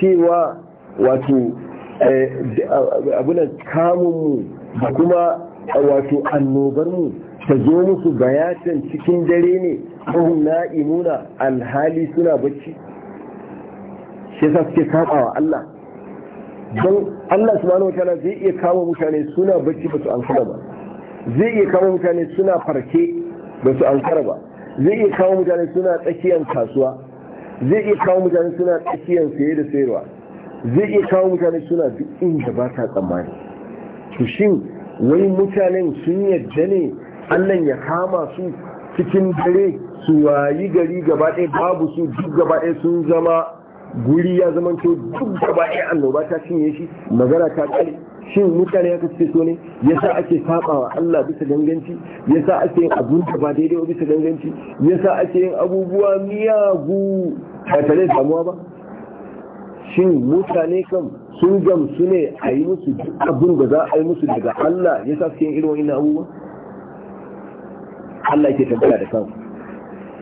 cewa wato eh, abunan kamunmu da kuma wato annobarmu ta zo musu bayatan cikin dare ne ko na'imuna alhali suna bacci shi yasa suke saba Allah don Allah subhanahu ta'ala zai iya kawo mutane suna bacci ba su ankara ba zai iya kawo mutane suna farke ba su ankara ba zai iya kawo mutane suna tsakiyar kasuwa zai iya kawo mutane suna tsakiyar saye da sayarwa zai iya kawo mutane suna duk inda ba ta tsammani to shin wai mutanen sun yadda ne Allah ya kama su cikin dare su wayi gari gaba ɗaya babu su duk gaba ɗaya sun zama guri ya zama to duk gaba ɗaya annoba ta cinye shi magana ta kare shin mutane aka kace so ne yasa ake sabawa Allah bisa ganganci yasa ake yin abun da ba daidai ba bisa ganganci yasa ake yin abubuwa miyagu ba tare da damuwa ba shin mutane kam sun gamsu ne a yi musu abin da za a yi musu daga Allah yasa suke yin irin wannan abubuwa Allah ke tabbata da kansu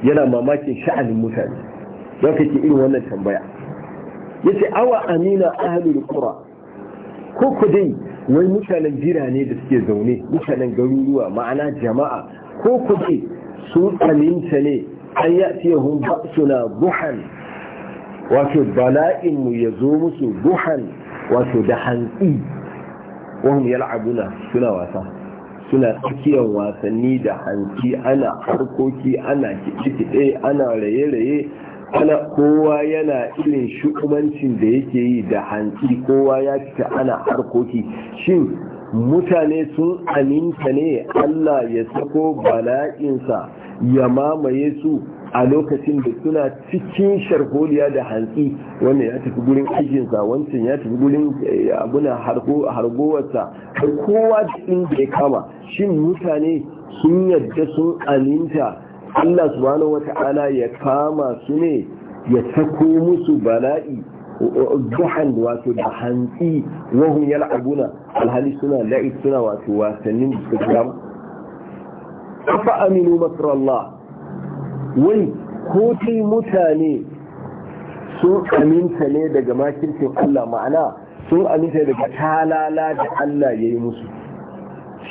yana mamakin sha'anin mutane don kake irin wannan tambaya yace awa amina ahlul kura ko ku dai wai mutanen jira ne da suke zaune mutanen garuruwa ma'ana jama'a ko ku dai su tsaminta ne an ya'tiyahum suna buhan wato bala'in mu zo musu buhan wato da hantsi wahum yal'abuna suna wasa suna tsakiyar wasanni da hanci ana harkoki ana kiɗe-kiɗe ana raye-raye ana kowa yana irin shugabancin da yake yi da hantsi kowa ya fita ana harkoki shin mutane sun aminta ne Allah ya sako bala'insa ya mamaye su a lokacin da suna cikin sharholiya da hantsi wannan ya tafi gurin aikinsa wancan ya tafi gurin eh, abuna hargowarsa da kowa da inda ya kama shin mutane sun yadda sun aminta Allah subhanahu wata'ala ya kama su ne ya sako musu bala'i duhan wato da hantsi wahun yal'abuna alhali suna suna wato wasannin da suka Kafa aminu masrallah wai ko tai mutane sun aminta ne daga makircin Allah ma'ana sun aminta daga talala da Allah ya yi musu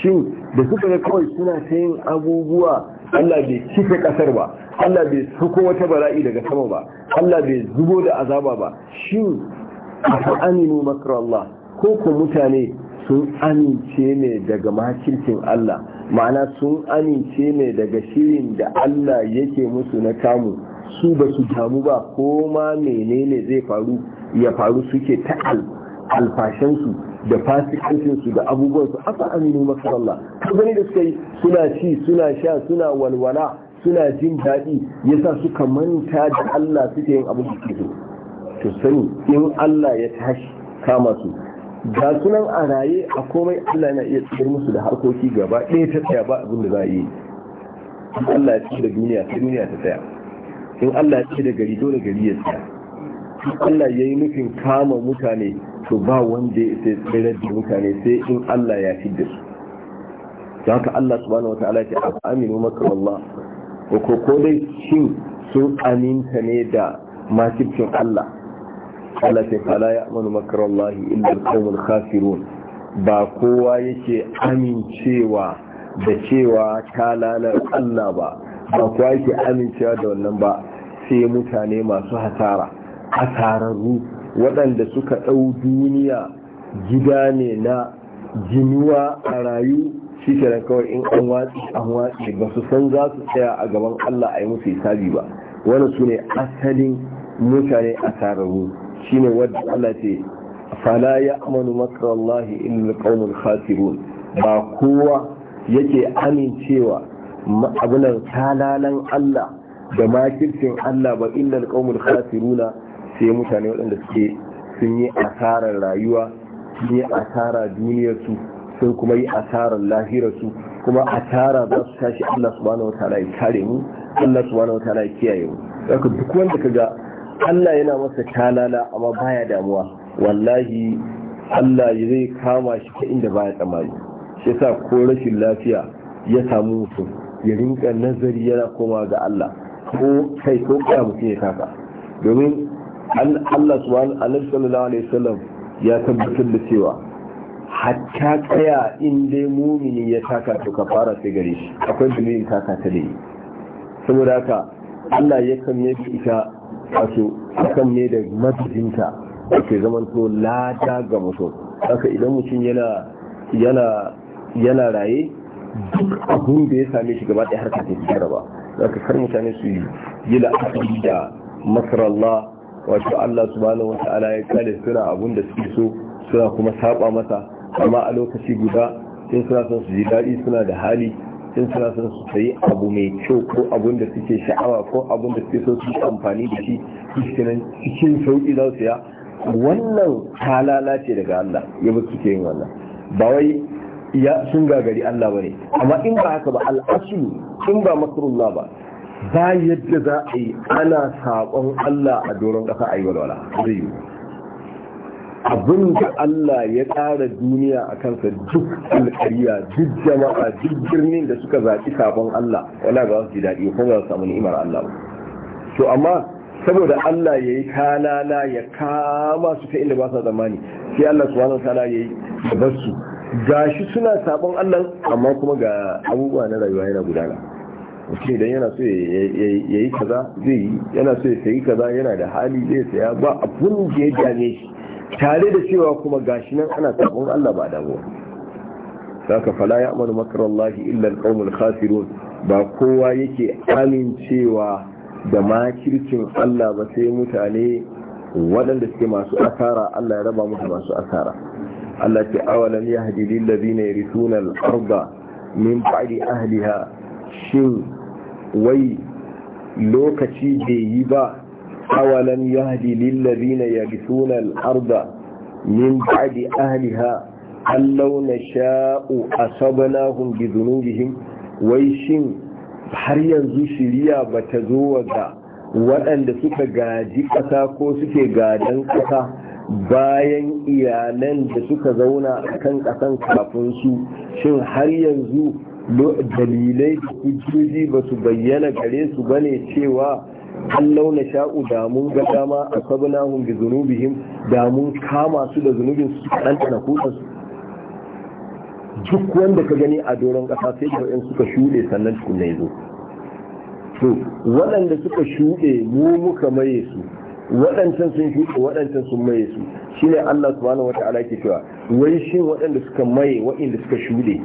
shin da suka ga kawai suna ta yin abubuwa Allah bai kife kasar ba Allah bai suko wata bala'i daga sama ba Allah bai zubo da azaba ba shin fa aminu makar Allah ko ku mutane sun amince ne daga makircin Allah ma'ana sun amince ne daga shirin da Allah yake musu na kamu su ba su damu ba ko ma menene zai faru ya faru suke ta alfashansu da fasikancinsu da abubuwansu aka aminu makarallah ka gani da suka yi suna ci suna sha suna walwala suna jin daɗi yasa suka manta da Allah suke yin abu da suke to sani in Allah ya tashi kama su ga sunan a raye a komai Allah na iya tsayar musu da harkoki gaba ɗaya ta tsaya ba abin da za a yi Allah ya tsira da duniya sai duniya ta tsaya in Allah ya tsira da gari dole gari ya tsaya Allah ya yi nufin kama mutane to ba wanda ya sai tsirar da mutane sai in Allah ya fi da haka Allah subhanahu wataala ce a aminu makar Allah ko ko dai shin sun aminta ne da makircin Allah Allah ce fala ya amanu makar Allah illa alqawmul khasirun ba kowa yake amincewa da cewa ta lalar Allah ba ba kowa yake amincewa da wannan ba sai mutane masu hasara asararru waɗanda suka ɗau duniya gida ne na jinuwa a rayu shi kenan kawai in an watsi an watsi ba su san za su tsaya a gaban Allah a yi musu hisabi ba wani su ne asalin mutane a tararru shi ne wadda Allah ce fala ya amanu makar Allah illa qaumul khasirun ba kowa yake amincewa abunan talalan Allah da makircin Allah ba illa qaumul khasiruna sai mutane waɗanda suke sun yi asarar rayuwa sun yi asara duniyarsu sun kuma yi asarar lahirarsu kuma asara za su tashi Allah subhanahu wataala ya kare mu Allah subhanahu wataala ya kiyaye mu saka duk wanda ka ga Allah yana masa talala amma baya damuwa wallahi Allah zai kama shi ka inda baya tsammani shi yasa ko rashin lafiya ya samu mutum ya rinka nazari yana koma ga Allah ko kai ko kaya mutum ya kaka domin Allah sallallahu alaihi wasallam ya tabbatar da cewa hatta tsaya in dai mumini ya taka to ka fara sai gare shi akwai dalilin taka ta dai saboda haka Allah ya kan yi ita wato akan ne da madadinta ke zaman to lada ga mutum haka idan mutum yana yana yana raye duk abun da ya same shi gaba ɗaya harkar ta fi ba zaka kar mutane su yi la'akari da masarar wato Allah subhanahu wata'ala ya kare suna abun da suke so suna kuma saba masa amma a lokaci guda in suna son su ji daɗi suna da hali in suna son su sayi abu mai kyau ko abun da suke sha'awa ko abun da suke so su amfani da shi cikin sauƙi za su ya wannan halala ce daga Allah ya ba suke yin wannan ba wai ya sun gagari Allah bane amma in ba haka ba aslu in ba makrullah ba ba yadda za a yi ana saƙon Allah a doron ƙasa a yi walwala zai yi abin da Allah ya ƙara duniya a kansa duk alƙariya duk jama'a duk birnin da suka zaƙi sabon Allah wala ga wasu ji daɗi ko ga su samu ni'imar Allah to amma saboda Allah ya yi kalala ya kama su ta inda ba sa zamani sai Allah subhanahu ta'ala ya yi da basu gashi suna saƙon Allah amma kuma ga abubuwa na rayuwa yana gudana mutum idan yana so ya yi kaza zai yi yana so ya sayi kaza yana da hali zai saya ba abun da ya dame shi tare da cewa kuma gashi nan ana sabon Allah ba damuwa saka fala ya amanu makarallahi illa alqaumul khasirun ba kowa yake amincewa da makircin Allah ba sai mutane waɗanda suke masu asara Allah ya raba musu masu asara Allah ce awalan yahdi lil ladina yarithuna al-arda min ba'di ahliha shin wai lokaci bai yi ba awalan yahdi na yarithuna al-arda min ba'di ahliha allau na sha'u a sabanahun bizunubihim wai shin har yanzu shiriya ba ta zo ga waɗanda suka gaji ƙasa ko suke gadan ƙasa bayan iyalan da suka zauna a kan ƙasan kafin su shin har yanzu dalilai da hujjoji ba su bayyana gare su ba ne cewa an launa sha'u da mun ga dama a sabina hun bi zunubihim da mun kama su da zunubin su tana kusa su duk wanda ka gani a doron ƙasa sai da suka shuɗe sannan tukun na zo to waɗanda suka shuɗe mu muka maye su waɗancan sun shuɗe waɗancan sun maye su shine Allah subhanahu wata'ala ke cewa wai shin waɗanda suka maye waɗanda suka shuɗe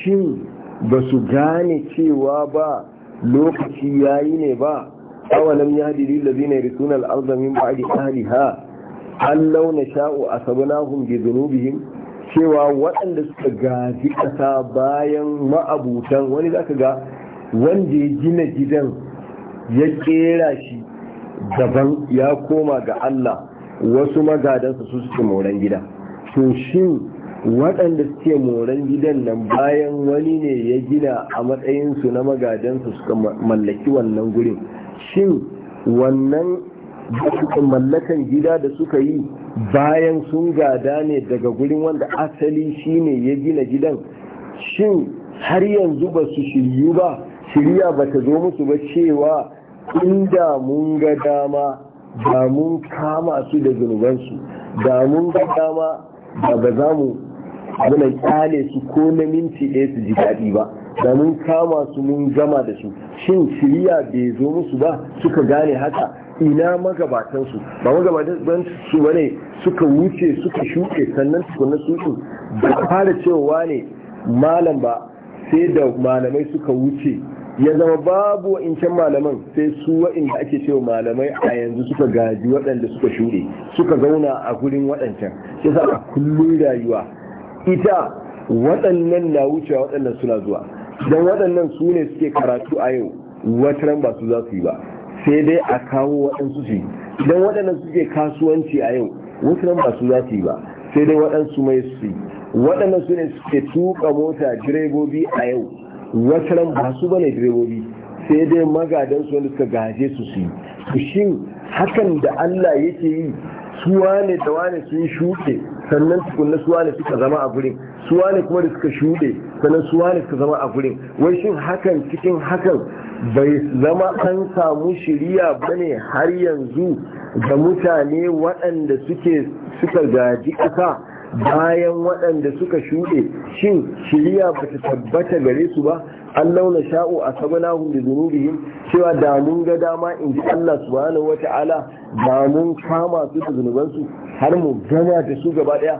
shin ba su gane cewa ba lokaci yayi ne ba awalam ya hadiri lazina yarisuna al-ardh min ba'di ahliha an launa sha'u a sabunahun bi zunubihim cewa waɗanda suka gaji ƙasa bayan ma'abutan wani za ka ga wanda ya gina gidan ya ƙera shi daban ya koma ga Allah wasu magadansa su suke moran gida to shin waɗanda suke moran gidan nan bayan wani ne ya gina a matsayinsu na magajensu suka mallaki wannan gurin shin wannan mallakan gida da suka yi bayan sun gada ne daga gurin wanda asali shi ne ya gina gidan shin har yanzu ba su shiryu ba shirya ba ta zo musu ba cewa inda mun ga dama da mun kama su da zunubansu da mun ga dama da ba za mu abu na kyale su ko na minti ɗaya su ji daɗi ba da mun kama su mun gama da su shin shirya bai zo musu ba suka gane haka ina magabatan su ba magabatan su bane suka wuce suka shuke sannan su tukuna su ba fara cewa ne malam ba sai da malamai suka wuce ya zama babu wa'incan malaman sai su wa'inda ake cewa malamai a yanzu suka gaji waɗanda suka shuɗe, suka zauna a gurin waɗancan ya sa a kullum rayuwa ita waɗannan na wucewa waɗannan suna zuwa don waɗannan su ne suke karatu a yau wataran ba su za su yi ba sai dai a kawo waɗansu su yi don waɗannan suke kasuwanci a yau wataran ba su za su yi ba sai dai waɗansu mai su yi waɗannan su ne suke tuka mota direbobi a yau wataran ba su bane direbobi sai dai magadansu wanda suka gaje su su yi shin hakan da Allah yake yi su wane da wane sun shuke sannan tukunna suwa ne suka zama a gurin suwa ne kuma da suka shuɗe sannan suwa ne suka zama a gurin wai shin hakan cikin hakan bai zama an samu shiriya ba ne har yanzu ga mutane waɗanda suke suka gaji ƙasa bayan waɗanda suka shuɗe shin shiriya ba ta tabbata gare su ba an launa sha'u a sabanahum da zunubihim cewa damun ga dama in ji Allah subhanahu wata da mun kama su da zunubansu har mu gama da su gaba daya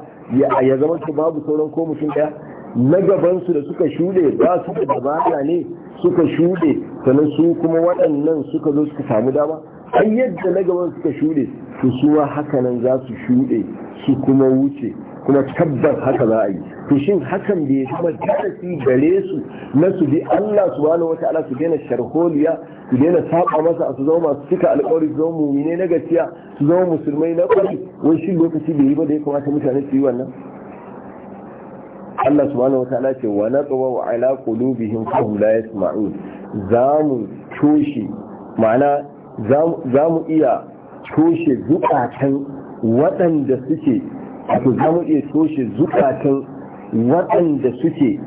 ya zama su babu sauran ko mutum daya na gabansu da suka shuɗe ba su da dabara ne suka shuɗe sannan su kuma waɗannan suka zo suka samu dama ai yadda na gaban suka shuɗe su suwa haka nan za su shuɗe su kuma wuce kuma tabbas haka za a yi to shin hakan bai kuma darasi gare su na su bi Allah subhanahu wataala su daina sharholiya su daina saba masa su zama masu cika alƙawari su zama mumine na gaciya su zama musulmai na ƙwari wai shi lokaci bai yi ba da ya kamata mutane su yi wannan Allah subhanahu wataala ce wa na wa ala qulubihim fa hum la yasma'un zamu toshe ma'ana zamu iya toshe zukatan waɗanda suke Ku zama iya toshe zukatan waɗanda suke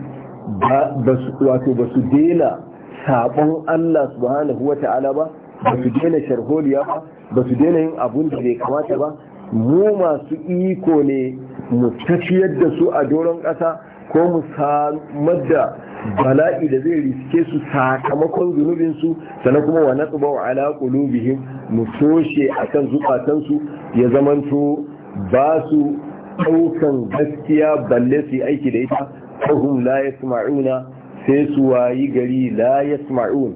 wato ba su dela sabon Allah subhanahu wa ta'ala ba ba su dela sharholiya ba ba su dela yin abun da bai kamata ba mu masu iko ne mu tafiyar da su a doron ƙasa ko mu samar da bala'i da zai riske su sakamakon zunubinsu sannan kuma wa natsu ba wa ala qulubihim mu toshe akan zukatansu ya zamanto ba su ɗaukan gaskiya balle su aiki da ita fahim la yasma'una sai su wayi gari la yasma'un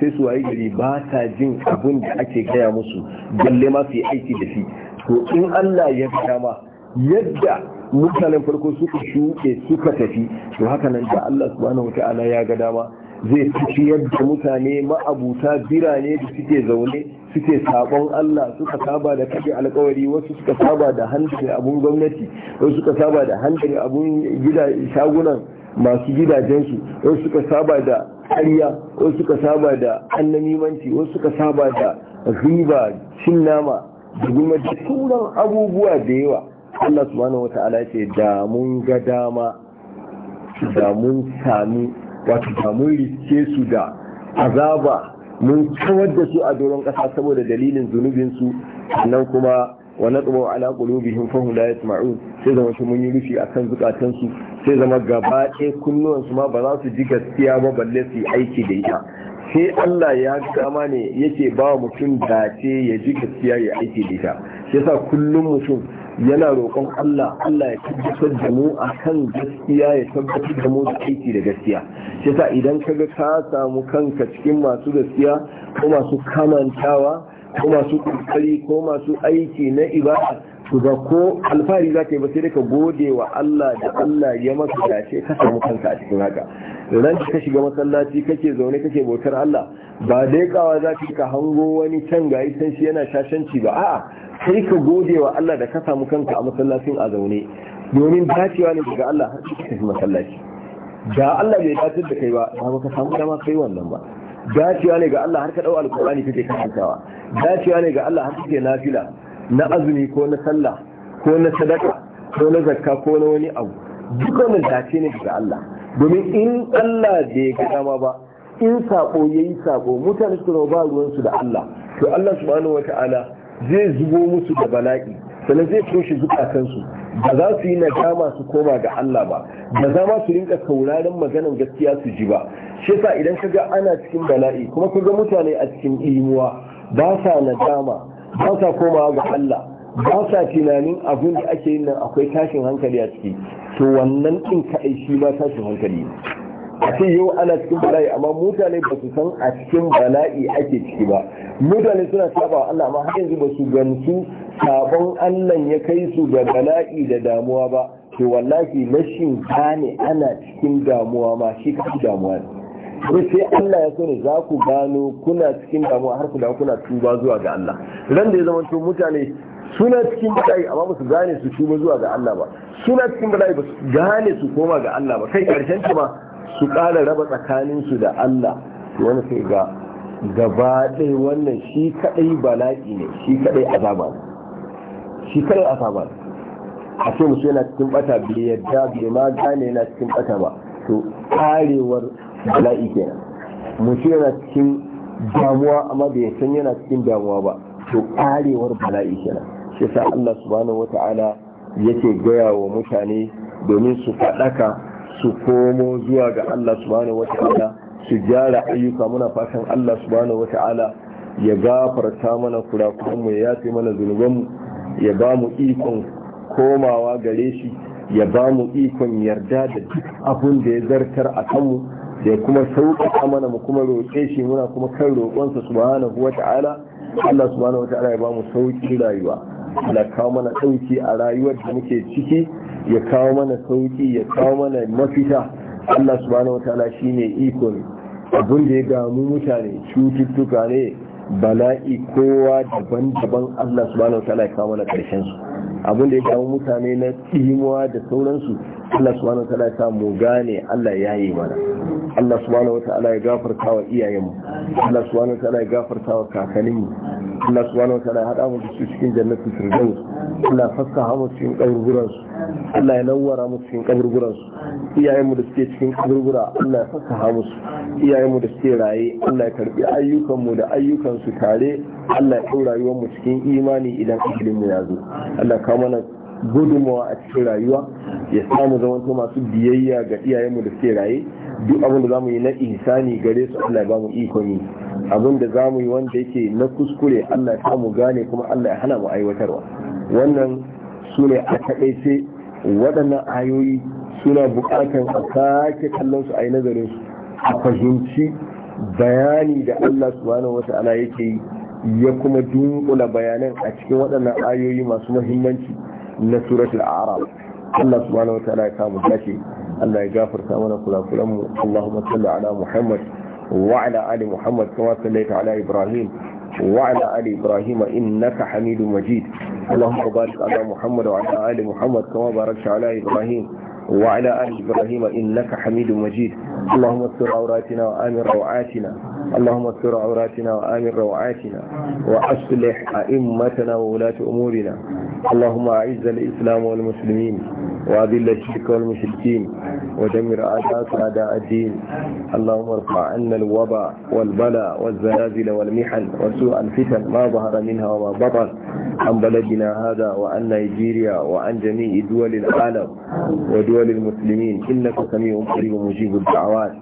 sai su wayi gari ba ta jin abin da ake gaya musu balle ma su yi aiki da shi to in Allah ya dama yadda mutanen farko suka shuƙe suka tafi to haka nan da Allah subhanahu ta'ala ya ga dama zai fi yadda mutane ma'abuta birane da suke zaune suke sabon Allah suka saba da kaɗe alkawari wasu suka saba da hankali abun gwamnati wasu suka saba da hankali abun gida shagunan masu gidajensu wasu suka saba da ƙarya wasu suka saba da annamimanci wasu suka saba da riba cin nama da gulma da abubuwa da yawa Allah subhanahu wata'ala ce da mun ga dama da mun sami wato ba mun riske su da azaba mun kawar da su a doron kasa saboda dalilin zunubinsu? su kuma wa natsubu ala qulubihim fa la yasma'un sai zama shi mun yi rufi akan zukatan su sai zama gaba ɗaya kunnuwan su ma ba za su ji gaskiya ba balle su aiki da ita sai Allah ya kama ne yake ba mutum dace ya ji gaskiya ya aiki da ita sa kullum mutum yana roƙon Allah Allah ya tabbatar da mu a kan gaskiya ya tabbatar da mu da aiki da gaskiya shi yasa idan ka ga ka samu kanka cikin masu gaskiya ko masu kamantawa ko masu kokari ko masu aiki na ibada to ga ko alfahari za ka yi ba sai ka gode wa Allah da Allah ya maka dace ka samu kanka a cikin haka ran ka shiga masallaci kake zaune kake bautar Allah ba dai kawa za ka hango wani can ga shi yana shashanci ba a'a sai ka gode wa Allah da ka samu kanka a masallacin a zaune domin dacewa ne daga Allah har ka tafi masallaci da Allah bai dace da kai ba ba ka samu dama kai wannan ba dacewa ne ga Allah har ka dau alkur'ani kake karantawa dacewa ne ga Allah har kake nafila na azumi ko na sallah ko na sadaka ko na zakka ko na wani abu duk wannan dace ne daga Allah domin in Allah bai ga dama ba in sako yayi sako mutane su ba ruwan su da Allah to Allah subhanahu wataala zai zubo musu da bala'i sannan zai toshe zukatansu ba za su yi nadama su koma ga Allah ba ba za ma su rinka sauraron maganan gaskiya su ji ba shi sa idan ga ana cikin bala'i kuma ka ga mutane a cikin imuwa ba sa nadama ba sa komawa ga Allah ba sa tunanin abin da ake yin nan akwai tashin hankali a ciki to wannan din kaɗai shi ba tashin hankali ne a ce yau ana cikin bala'i amma mutane ba su san a cikin bala'i ake ciki ba mutane suna saba wa Allah amma har yanzu ba su gamsu sabon Allah ya kai su ga bala'i da damuwa ba to wallahi rashin gane ana cikin damuwa ma shi kan damuwa ne sai Allah ya so za ku gano kuna cikin damuwa har ku da kuna tuba zuwa ga Allah ran da ya zama to mutane suna cikin bala'i amma ba su gane su tuba zuwa ga Allah ba suna cikin bala'i ba su gane su koma ga Allah ba kai karshen ta ma su ƙara raba tsakaninsu da Allah wani sai ga gaba ɗaya wannan shi kaɗai bala'i ne shi kaɗai azaba ne shi kaɗai azaba ne a ce musu yana cikin ɓata bai yadda bai ma gane yana cikin ɓata ba to ƙarewar bala'i kenan musu yana cikin damuwa amma bai san yana cikin damuwa ba to ƙarewar bala'i kenan shi sa Allah subhanahu wata'ala yake gaya wa mutane domin su faɗaka su komo zuwa ga Allah subhanahu wata'ala su gyara ayyuka muna fatan Allah subhanahu wata'ala ya gafarta mana kurakuranmu ya yafe mana zunubanmu ya ba mu ikon komawa gare shi ya ba mu ikon yarda da duk abin da ya zartar a kanmu da kuma sauƙaƙa mana mu kuma roƙe shi muna kuma kan roƙonsa subhanahu wata'ala Allah subhanahu wata'ala ya ba mu sauƙi. rayuwa Ya kawo mana sauki a rayuwar da muke ciki ya kawo mana sauki ya kawo mana mafita Allah subhanahu wataala shine iko ne abin da ya mu mutane cututtuka ne bala'i kowa daban-daban Allah subhanahu wataala ya kawo mana ƙarshen su abin da ya kawo mutane na tsimuwa da sauransu Allah subhanahu wataala ya sa mu gane Allah ya yi mana Allah subhanahu ta'ala ya gafarta wa iyayenmu Allah subhanahu ta'ala ya gafarta wa kakanninmu Allah subhanahu ta'ala ya hada mu da su cikin jannatin firdaus Allah fassaha mu cikin kaburburan su Allah ya nawwara mu cikin kaburburan su iyayenmu da suke cikin kaburbura Allah ya fassaha mu iyayenmu da suke raye Allah ya karbi ayyukanmu da ayyukan su tare Allah ya kaura rayuwar mu cikin imani idan ajalin mu ya zo Allah ka mana gudunmawa a cikin rayuwa ya samu zamanto masu biyayya ga iyayenmu da suke raye duk abin da zamu yi na ihsani gare su Allah ya bamu iko ne abin da zamu yi wanda yake na kuskure Allah ya mu gane kuma Allah ya hana mu aiwatarwa wannan su ne a taƙaice waɗannan ayoyi suna buƙatar a sake kallon su a yi nazarin su a fahimci bayani da Allah subhanahu ala yake yi ya kuma dunkula bayanan a cikin waɗannan ayoyi masu muhimmanci na suratul arab Allah subhanahu wataala ya kamu dace Allah ya gafarta mana kulakulan mu Allahumma salli ala Muhammad wa ala ali Muhammad kama sallaita ala Ibrahim وعلى آل إبراهيم إنك حميد مجيد اللهم استر عوراتنا وآمن روعاتنا اللهم اكثر عوراتنا وآمن روعاتنا وأصلح أئمتنا وولاة أمورنا اللهم أعز الإسلام والمسلمين وأذل الشرك والمشركين ودمر أعداءك أعداء الدين اللهم ارفع عنا الوباء والبلاء والزلازل والمحن وسوء الفتن ما ظهر منها وما بطن عن بلدنا هذا وعن نيجيريا وعن جميع دول العالم ودول المسلمين إنك سميع قريب مجيب الدعوات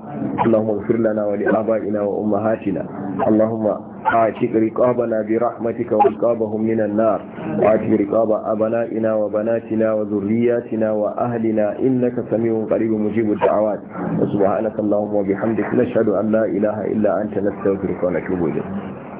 اللهم اغفر لنا ولآبائنا وأمهاتنا اللهم آتك رقابنا برحمتك ورقابهم من النار وآتك رقاب أبنائنا وبناتنا وذرياتنا وأهلنا إنك سميع قريب مجيب الدعوات وسبحانك اللهم وبحمدك نشهد أن لا إله إلا أنت نستغفرك ونتوب إليك